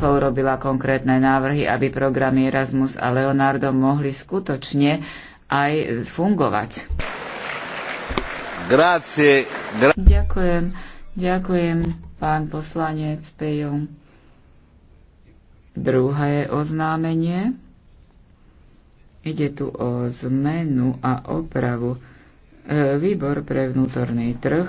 Urobila konkrétne návrhy, aby programy Erasmus a Leonardo mohli skutočne aj fungovať. Grazie, gra- ďakujem, ďakujem, pán poslanec Pejom. Druhé oznámenie. Ide tu o zmenu a opravu. E, Výbor pre vnútorný trh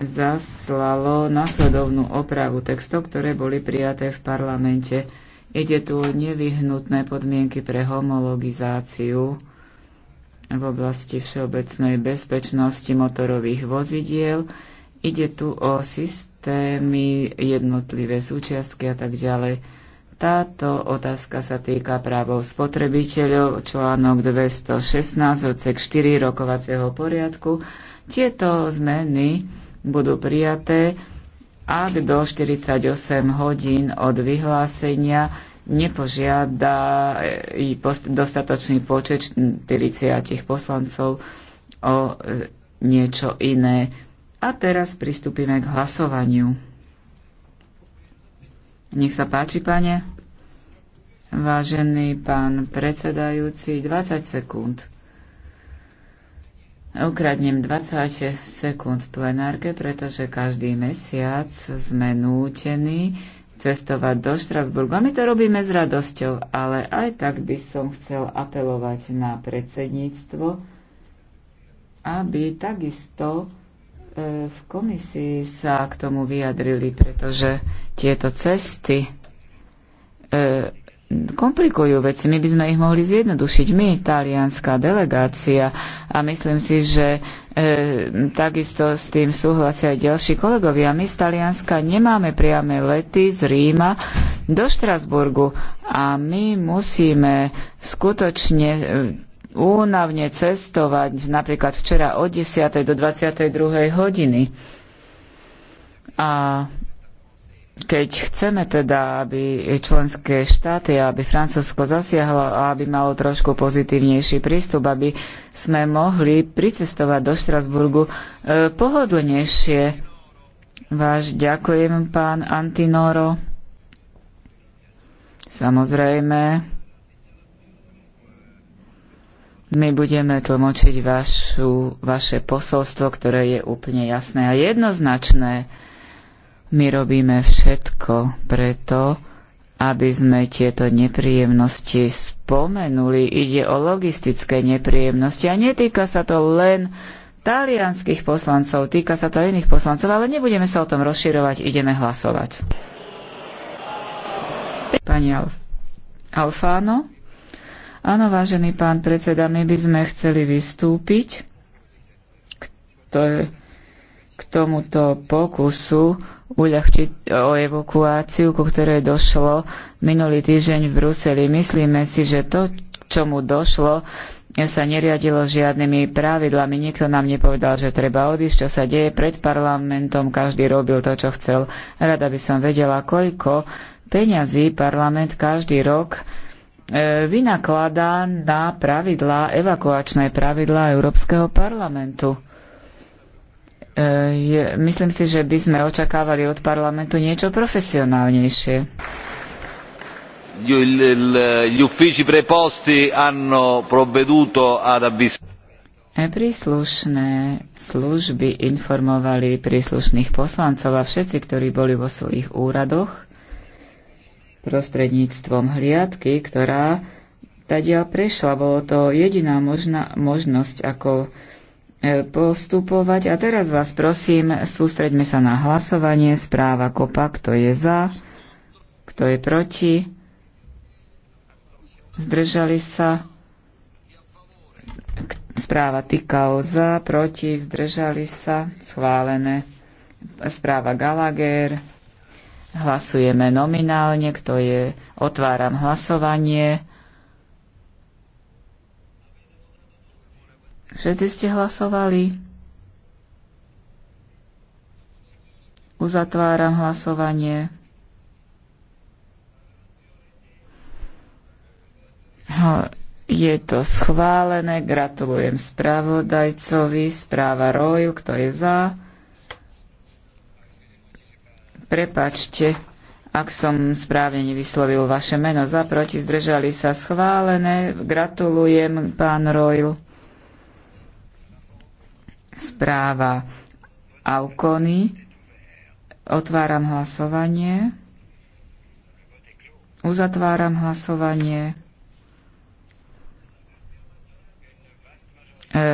zaslalo nasledovnú opravu textov, ktoré boli prijaté v parlamente. Ide tu o nevyhnutné podmienky pre homologizáciu v oblasti všeobecnej bezpečnosti motorových vozidiel. Ide tu o systémy, jednotlivé súčiastky a tak ďalej. Táto otázka sa týka právov spotrebiteľov, článok 216 odsek 4 rokovacieho poriadku. Tieto zmeny budú prijaté, ak do 48 hodín od vyhlásenia nepožiada e, dostatočný počet 40 poslancov o e, niečo iné. A teraz pristúpime k hlasovaniu. Nech sa páči, pane. Vážený pán predsedajúci, 20 sekúnd. Ukradnem 20 sekúnd v plenárke, pretože každý mesiac sme nútení cestovať do Štrasburgu. A my to robíme s radosťou, ale aj tak by som chcel apelovať na predsedníctvo, aby takisto e, v komisii sa k tomu vyjadrili, pretože tieto cesty e, komplikujú veci. My by sme ich mohli zjednodušiť, my, talianská delegácia. A myslím si, že e, takisto s tým súhlasia aj ďalší kolegovia. My z Talianska nemáme priame lety z Ríma do Štrasburgu a my musíme skutočne e, únavne cestovať napríklad včera od 10. do 22. hodiny. A keď chceme teda, aby členské štáty, aby Francúzsko zasiahlo a aby malo trošku pozitívnejší prístup, aby sme mohli pricestovať do Štrasburgu e, pohodlnejšie. Váš ďakujem, pán Antinoro. Samozrejme, my budeme tlmočiť vašu, vaše posolstvo, ktoré je úplne jasné a jednoznačné. My robíme všetko preto, aby sme tieto nepríjemnosti spomenuli. Ide o logistické nepríjemnosti a netýka sa to len talianských poslancov, týka sa to iných poslancov, ale nebudeme sa o tom rozširovať, ideme hlasovať. Pani Alf- Alfáno? Áno, vážený pán predseda, my by sme chceli vystúpiť k, to- k tomuto pokusu uľahčiť e, o evakuáciu, ku ktorej došlo minulý týždeň v Bruseli. Myslíme si, že to, čomu došlo, sa neriadilo žiadnymi pravidlami. Nikto nám nepovedal, že treba odísť, čo sa deje pred parlamentom. Každý robil to, čo chcel. Rada by som vedela, koľko peňazí parlament každý rok e, vynakladá na pravidlá, evakuačné pravidlá Európskeho parlamentu. Eh, je, myslím si, že by sme očakávali od parlamentu niečo profesionálnejšie. Gli uffici preposti hanno provveduto ad avvisare. Príslušné služby informovali príslušných poslancov a všetci, ktorí boli vo svojich úradoch prostredníctvom hliadky, ktorá tadiaľ prešla. Bolo to jediná možná, možnosť, ako E, postupovať. A teraz vás prosím, sústreďme sa na hlasovanie. Správa kopa, kto je za, kto je proti. Zdržali sa. Správa Tykao za, proti, zdržali sa, schválené. Správa Galager. Hlasujeme nominálne, kto je, otváram hlasovanie. Všetci ste hlasovali. Uzatváram hlasovanie. Je to schválené. Gratulujem spravodajcovi. Správa Roju, kto je za. Prepačte, ak som správne nevyslovil vaše meno za, proti, zdržali sa schválené. Gratulujem, pán Royal správa Aukony. Otváram hlasovanie. Uzatváram hlasovanie. E,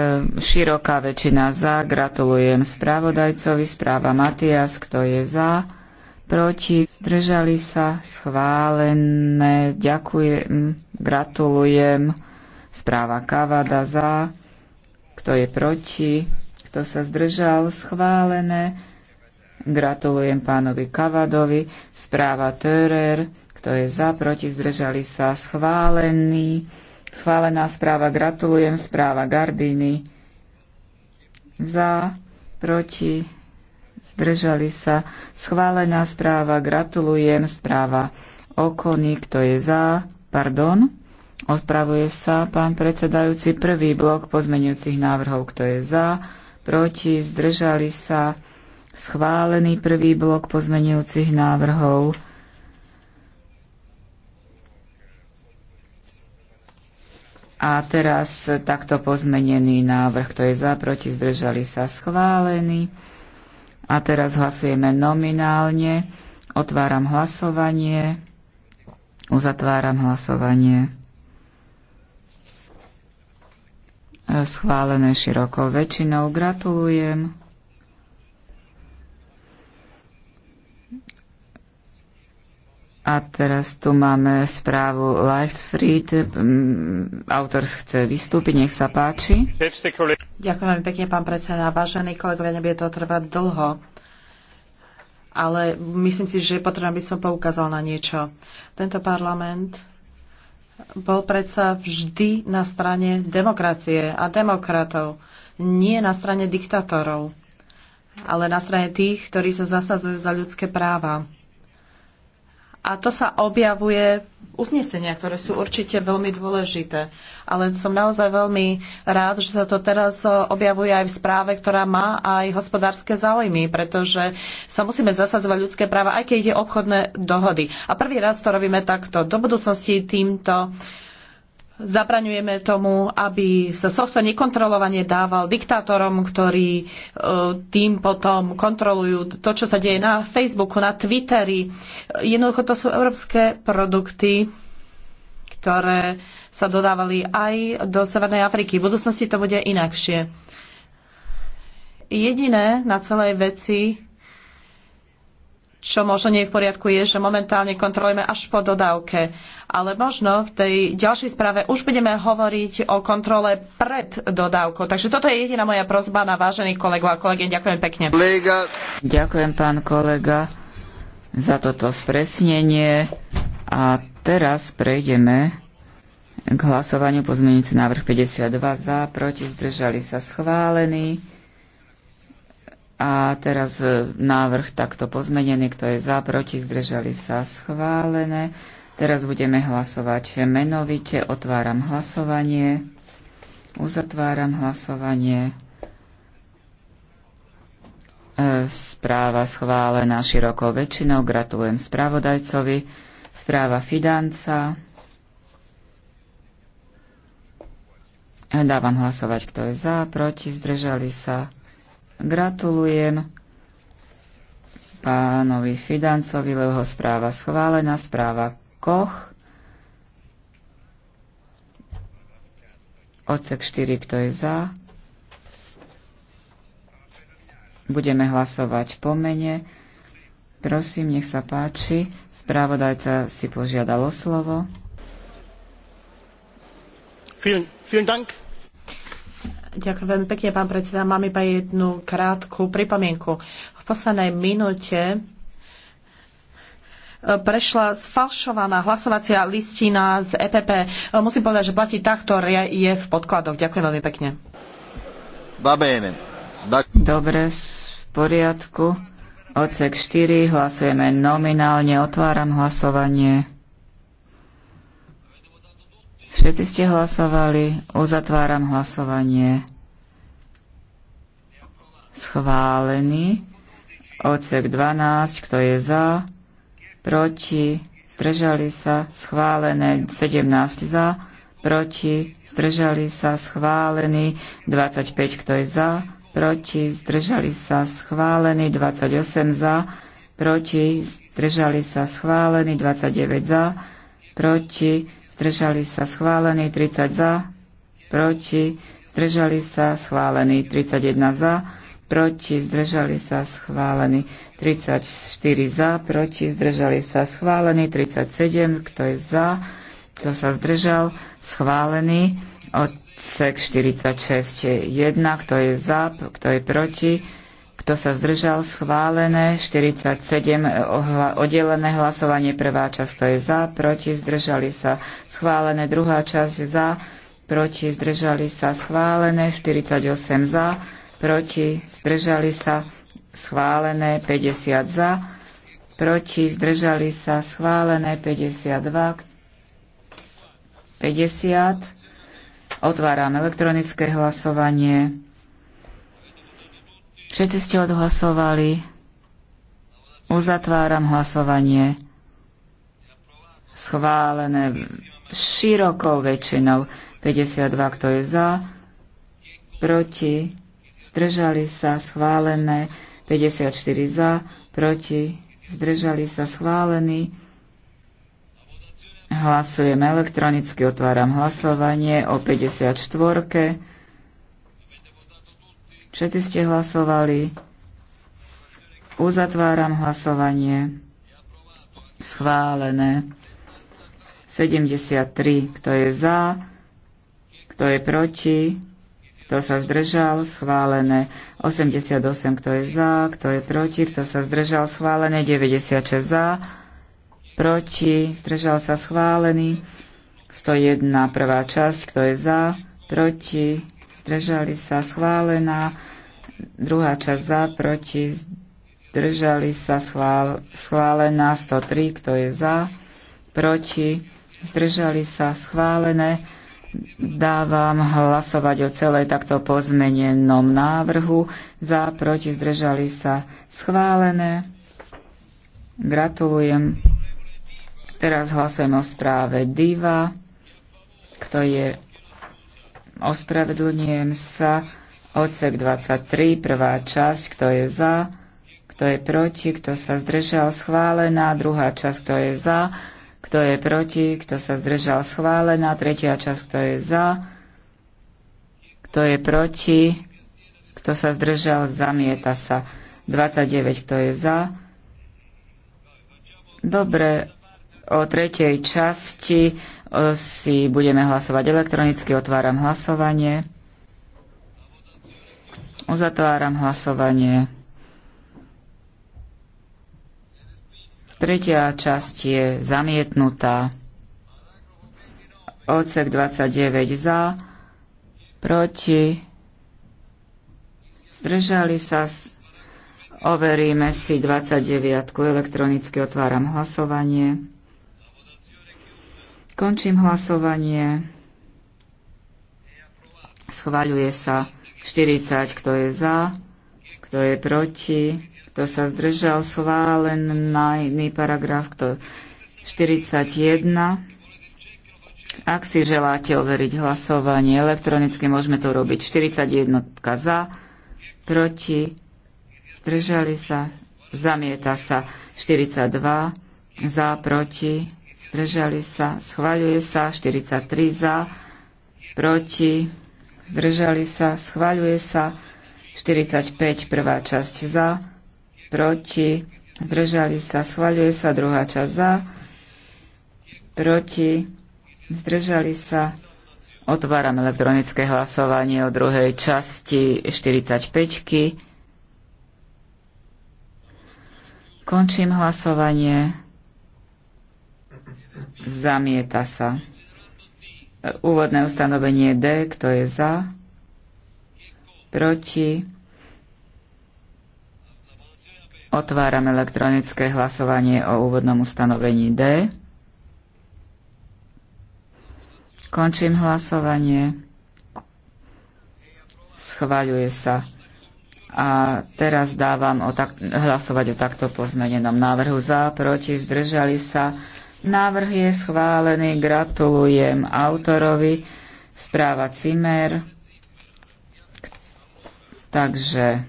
široká väčšina za. Gratulujem správodajcovi. Správa Matias, kto je za, proti, zdržali sa, schválené. Ďakujem, gratulujem. Správa Kavada za, kto je proti, kto sa zdržal? Schválené. Gratulujem pánovi Kavadovi. Správa Törer. Kto je za? Proti? Zdržali sa? Schválený. Schválená správa. Gratulujem. Správa Gardiny. Za. Proti? Zdržali sa? Schválená správa. Gratulujem. Správa Okony. Kto je za? Pardon. ospravuje sa pán predsedajúci prvý blok pozmenujúcich návrhov. Kto je za? proti, zdržali sa schválený prvý blok pozmenujúcich návrhov. A teraz takto pozmenený návrh, kto je za, proti, zdržali sa schválený. A teraz hlasujeme nominálne. Otváram hlasovanie. Uzatváram hlasovanie. schválené širokou väčšinou. Gratulujem. A teraz tu máme správu Leichtfried. Mm, autor chce vystúpiť, nech sa páči. Ďakujem pekne, pán predseda. Vážení kolegovia, nebude to trvať dlho ale myslím si, že je potrebné, aby som poukázal na niečo. Tento parlament bol predsa vždy na strane demokracie a demokratov, nie na strane diktatorov, ale na strane tých, ktorí sa zasadzujú za ľudské práva. A to sa objavuje uznesenia, ktoré sú určite veľmi dôležité. Ale som naozaj veľmi rád, že sa to teraz objavuje aj v správe, ktorá má aj hospodárske záujmy, pretože sa musíme zasadzovať ľudské práva, aj keď ide obchodné dohody. A prvý raz to robíme takto. Do budúcnosti týmto zabraňujeme tomu, aby sa software nekontrolovane dával diktátorom, ktorí e, tým potom kontrolujú to, čo sa deje na Facebooku, na Twitteri. Jednoducho to sú európske produkty, ktoré sa dodávali aj do Severnej Afriky. V budúcnosti to bude inakšie. Jediné na celej veci čo možno nie je v poriadku, je, že momentálne kontrolujeme až po dodávke. Ale možno v tej ďalšej správe už budeme hovoriť o kontrole pred dodávkou. Takže toto je jediná moja prozba na vážený kolegov a kolegy. Ďakujem pekne. Kolega. Ďakujem, pán kolega, za toto spresnenie. A teraz prejdeme k hlasovaniu pozmeniť návrh 52 za, proti, zdržali sa schválení. A teraz e, návrh takto pozmenený, kto je za, proti, zdržali sa schválené. Teraz budeme hlasovať menovite. Otváram hlasovanie. Uzatváram hlasovanie. E, správa schválená širokou väčšinou. Gratulujem spravodajcovi. Správa Fidanca. Dávam hlasovať, kto je za, proti, zdržali sa. Gratulujem pánovi Fidancovi, lebo správa schválená, správa Koch. Odsek 4, kto je za? Budeme hlasovať po mene. Prosím, nech sa páči. Správodajca si požiadalo slovo. Vielen, vielen Dank. Ďakujem veľmi pekne, pán predseda. Mám iba jednu krátku pripomienku. V poslednej minúte e, prešla sfalšovaná hlasovacia listina z EPP. E, musím povedať, že platí tá, ktorá je v podkladoch. Ďakujem veľmi pekne. Dobre, v poriadku. Odsek 4, hlasujeme nominálne, otváram hlasovanie. Všetci ste hlasovali. Uzatváram hlasovanie. Schválený. Odsek 12. Kto je za? Proti? Zdržali sa? Schválené. 17 za? Proti? Zdržali sa? Schválený. 25. Kto je za? Proti? Zdržali sa? Schválený. 28 za? Proti? Zdržali sa? Schválený. 29 za? Proti? zdržali sa schválení 30 za, proti, zdržali sa schválení 31 za, proti, zdržali sa schválení 34 za, proti, zdržali sa schválení 37, kto je za, kto sa zdržal, schválený odsek 46, 1, kto je za, kto je proti, kto sa zdržal? Schválené. 47 eh, oddelené hlasovanie. Prvá časť, to je za, proti, zdržali sa. Schválené. Druhá časť za, proti, zdržali sa. Schválené. 48 za, proti, zdržali sa. Schválené. 50 za, proti, zdržali sa. Schválené. 52. 50. Otváram elektronické hlasovanie. Všetci ste odhlasovali. Uzatváram hlasovanie. Schválené širokou väčšinou. 52, kto je za, proti, zdržali sa, schválené. 54 za, proti, zdržali sa, schválený. Hlasujem elektronicky, otváram hlasovanie o 54. Všetci ste hlasovali. Uzatváram hlasovanie. Schválené. 73. Kto je za? Kto je proti? Kto sa zdržal? Schválené. 88. Kto je za? Kto je proti? Kto sa zdržal? Schválené. 96 za. Proti? Zdržal sa schválený. 101. Prvá časť. Kto je za? Proti? zdržali sa schválená, druhá časť za, proti, zdržali sa schvál, schválená, 103, kto je za, proti, zdržali sa schválené, dávam hlasovať o celej takto pozmenenom návrhu, za, proti, zdržali sa schválené. Gratulujem. Teraz hlasujem o správe Diva. Kto je Ospravedlňujem sa. Odsek 23, prvá časť, kto je za, kto je proti, kto sa zdržal schválená, druhá časť, kto je za, kto je proti, kto sa zdržal schválená, tretia časť, kto je za, kto je proti, kto sa zdržal, zamieta sa. 29, kto je za. Dobre, o tretej časti si budeme hlasovať elektronicky. Otváram hlasovanie. Uzatváram hlasovanie. Tretia časť je zamietnutá. Odsek 29 za, proti, zdržali sa, overíme si 29. Elektronicky otváram hlasovanie. Končím hlasovanie. Schváľuje sa 40, kto je za, kto je proti, kto sa zdržal, schválený paragraf, kto 41. Ak si želáte overiť hlasovanie elektronicky, môžeme to robiť 41 za, proti, zdržali sa, zamieta sa 42 za, proti, zdržali sa, schváľuje sa, 43 za, proti, zdržali sa, schváľuje sa, 45 prvá časť za, proti, zdržali sa, schváľuje sa, druhá časť za, proti, zdržali sa, otváram elektronické hlasovanie o druhej časti 45 -ky. Končím hlasovanie. Zamieta sa. Úvodné ustanovenie D, kto je za? Proti? Otváram elektronické hlasovanie o úvodnom ustanovení D. Končím hlasovanie. Schváľuje sa. A teraz dávam o tak, hlasovať o takto pozmenenom návrhu za, proti, zdržali sa Návrh je schválený. Gratulujem autorovi. Správa Cimer. Takže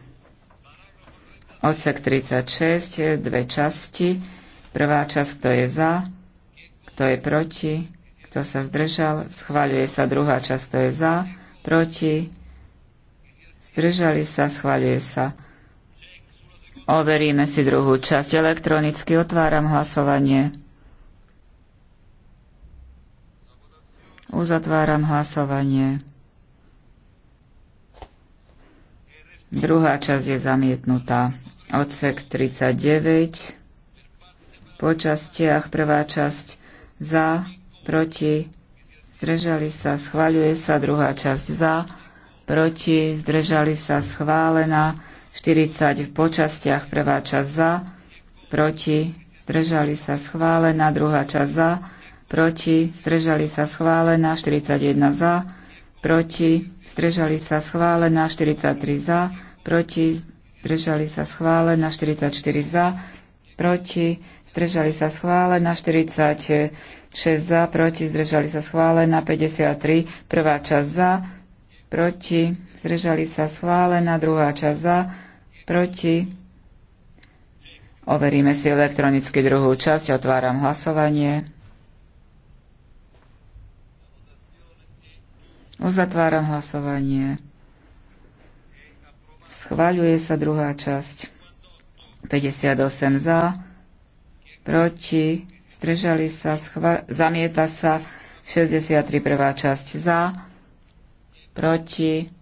odsek 36, dve časti. Prvá časť, kto je za, kto je proti, kto sa zdržal. Schváľuje sa druhá časť, kto je za, proti, zdržali sa, schváľuje sa. Overíme si druhú časť. Elektronicky otváram hlasovanie. Uzatváram hlasovanie. Druhá časť je zamietnutá. Odsek 39. Po častiach prvá časť za, proti, zdržali sa, schváľuje sa druhá časť za, proti, zdržali sa, schválená. 40 v počastiach prvá časť za, proti, zdržali sa, schválená druhá časť za, proti, zdržali sa schválená, 41 za, proti, zdržali sa schválená, 43 za, proti, zdržali sa schválená, 44 za, proti, zdržali sa schválená, 46 za, proti, zdržali sa schválená, 53, prvá časť za, proti, zdržali sa schválená, druhá časť za, proti. Overíme si elektronicky druhú časť, otváram hlasovanie. Uzatváram hlasovanie. Schváľuje sa druhá časť. 58 za, proti, zdržali sa, schva- zamieta sa 63 prvá časť za, proti,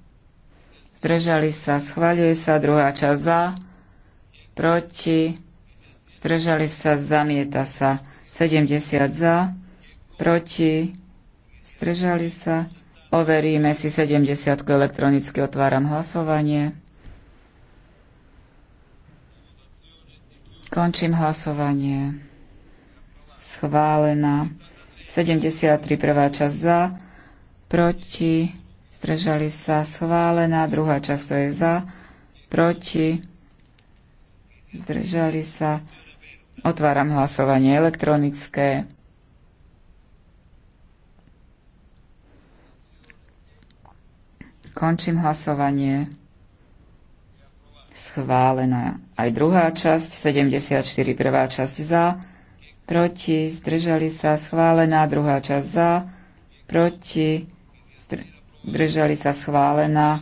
zdržali sa, schváľuje sa druhá časť za, proti, zdržali sa, zamieta sa 70 za, proti, zdržali sa, Overíme si 70 elektronicky, otváram hlasovanie. Končím hlasovanie. Schválená. 73 prvá časť za, proti, zdržali sa, schválená. Druhá časť to je za, proti, zdržali sa. Otváram hlasovanie elektronické. Končím hlasovanie. Schválená aj druhá časť, 74 prvá časť za, proti, zdržali sa, schválená druhá časť za, proti, zdržali sa, schválená.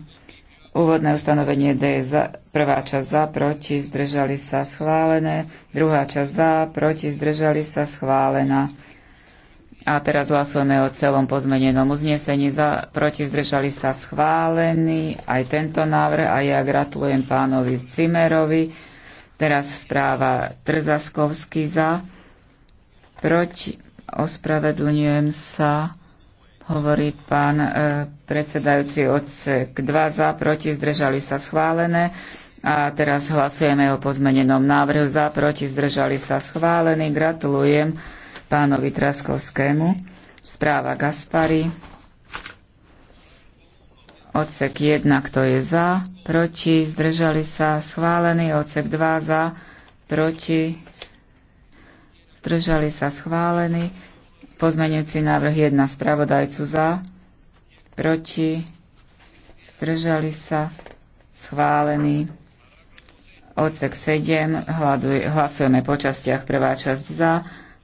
Úvodné ustanovenie D za, prvá časť za, proti, zdržali sa schválené, druhá časť za, proti, zdržali sa schválená. A teraz hlasujeme o celom pozmenenom uznesení. Za, proti zdržali sa schválený aj tento návrh a ja gratulujem pánovi Cimerovi. Teraz správa Trzaskovský za. Proti, ospravedlňujem sa, hovorí pán e, predsedajúci odsek 2 za, proti zdržali sa schválené. A teraz hlasujeme o pozmenenom návrhu za, proti zdržali sa schválený. Gratulujem pánovi Traskovskému. Správa Gaspari. Odsek 1, kto je za, proti, zdržali sa, schválený. Odsek 2, za, proti, zdržali sa, schválený. Pozmenujúci návrh 1, spravodajcu za, proti, zdržali sa, schválený. Odsek 7, hlasujeme po častiach, prvá časť za,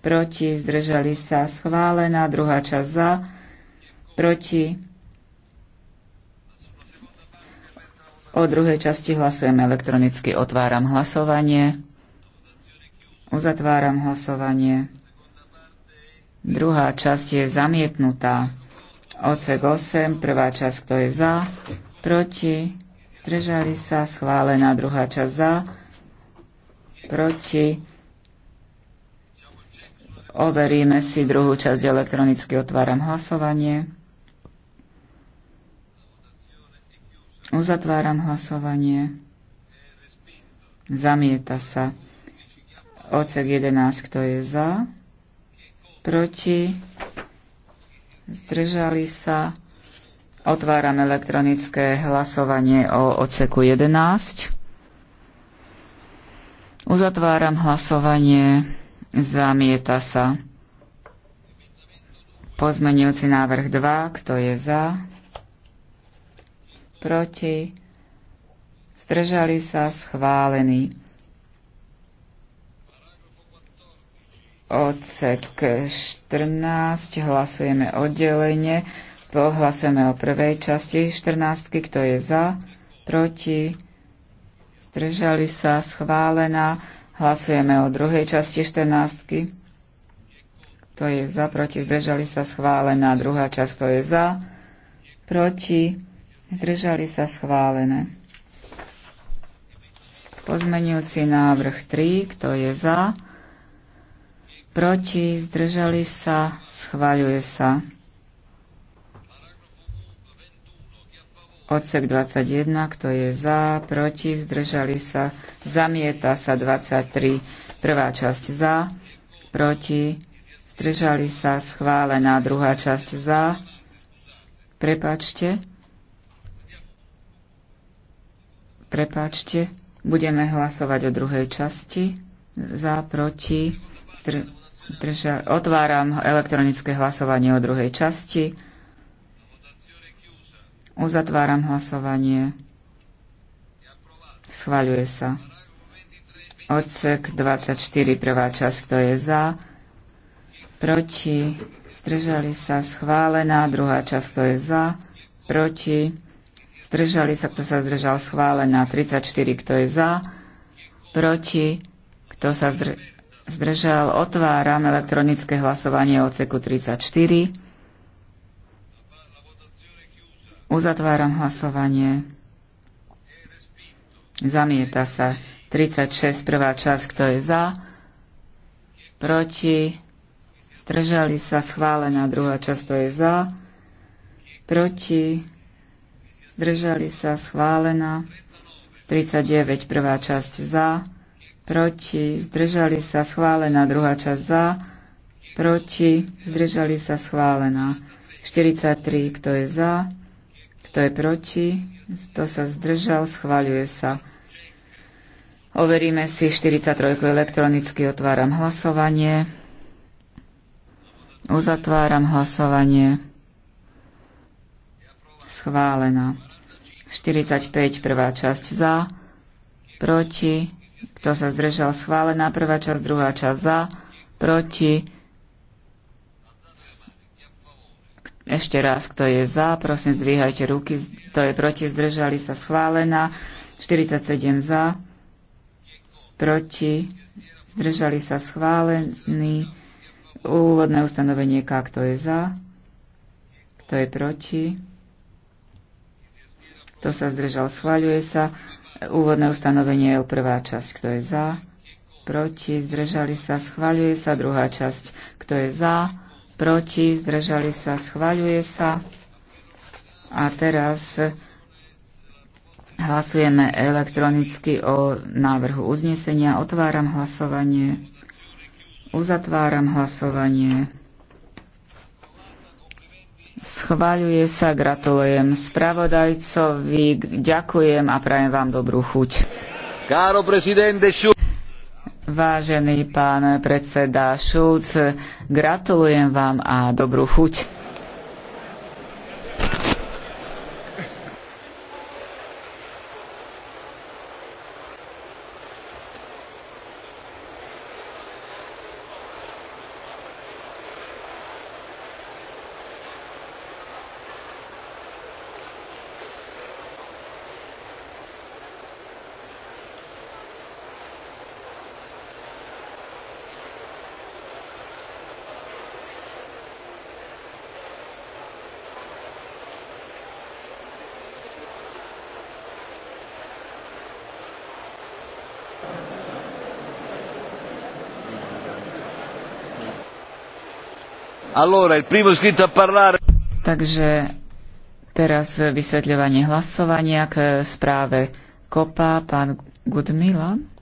proti, zdržali sa schválená, druhá časť za, proti. O druhej časti hlasujeme elektronicky. Otváram hlasovanie. Uzatváram hlasovanie. Druhá časť je zamietnutá. Ocek 8, prvá časť, kto je za, proti, zdržali sa, schválená druhá časť za, proti, Overíme si druhú časť elektronicky. Otváram hlasovanie. Uzatváram hlasovanie. Zamieta sa. Ocek 11, kto je za? Proti? Zdržali sa? Otváram elektronické hlasovanie o oceku 11. Uzatváram hlasovanie. Zamieta sa. Pozmenujúci návrh 2. Kto je za? Proti? Zdržali sa schválení. Odsek 14. Hlasujeme oddelenie. Pohlasujeme o prvej časti 14. Kto je za? Proti? Zdržali sa schválená. Hlasujeme o druhej časti 14. Kto je za, proti, zdržali sa schválená. Druhá časť, to je za, proti, zdržali sa schválené. Pozmenujúci návrh 3, kto je za, proti, zdržali sa, schváľuje sa. Odsek 21, kto je za, proti, zdržali sa, zamieta sa 23. Prvá časť za, proti, zdržali sa, schválená druhá časť za. Prepačte. Prepačte. Budeme hlasovať o druhej časti. Za, proti, zdr- drža- otváram elektronické hlasovanie o druhej časti. Uzatváram hlasovanie. Schváľuje sa. Odsek 24, prvá časť, kto je za, proti, zdržali sa, schválená, druhá časť, kto je za, proti, zdržali sa, kto sa zdržal, schválená, 34, kto je za, proti, kto sa zdržal, otváram elektronické hlasovanie o ceku 34. Uzatváram hlasovanie. Zamieta sa 36, prvá časť, kto je za, proti, zdržali sa, schválená druhá časť, kto je za, proti, zdržali sa, schválená, 39, prvá časť za, proti, zdržali sa, schválená, druhá časť za, proti, zdržali sa, schválená, 43, kto je za, kto je proti? Kto sa zdržal? Schváľuje sa. Overíme si 43 elektronicky. Otváram hlasovanie. Uzatváram hlasovanie. Schválená. 45 prvá časť za. Proti. Kto sa zdržal? Schválená prvá časť, druhá časť za. Proti Ešte raz, kto je za, prosím, zdvíhajte ruky. Kto je proti, zdržali sa schválená. 47 za, proti, zdržali sa schválený. Úvodné ustanovenie K, kto je za, kto je proti, kto sa zdržal, schváľuje sa. Úvodné ustanovenie je prvá časť, kto je za, proti, zdržali sa, schváľuje sa druhá časť, kto je za, proti, zdržali sa, schvaľuje sa. A teraz hlasujeme elektronicky o návrhu uznesenia. Otváram hlasovanie. Uzatváram hlasovanie. Schváľuje sa, gratulujem spravodajcovi, ďakujem a prajem vám dobrú chuť. Caro presidente Vážený pán predseda Šulc, gratulujem vám a dobrú chuť. Allora, il primo a parlare... Takže teraz vysvetľovanie hlasovania k správe Kopa, pán Gudmila.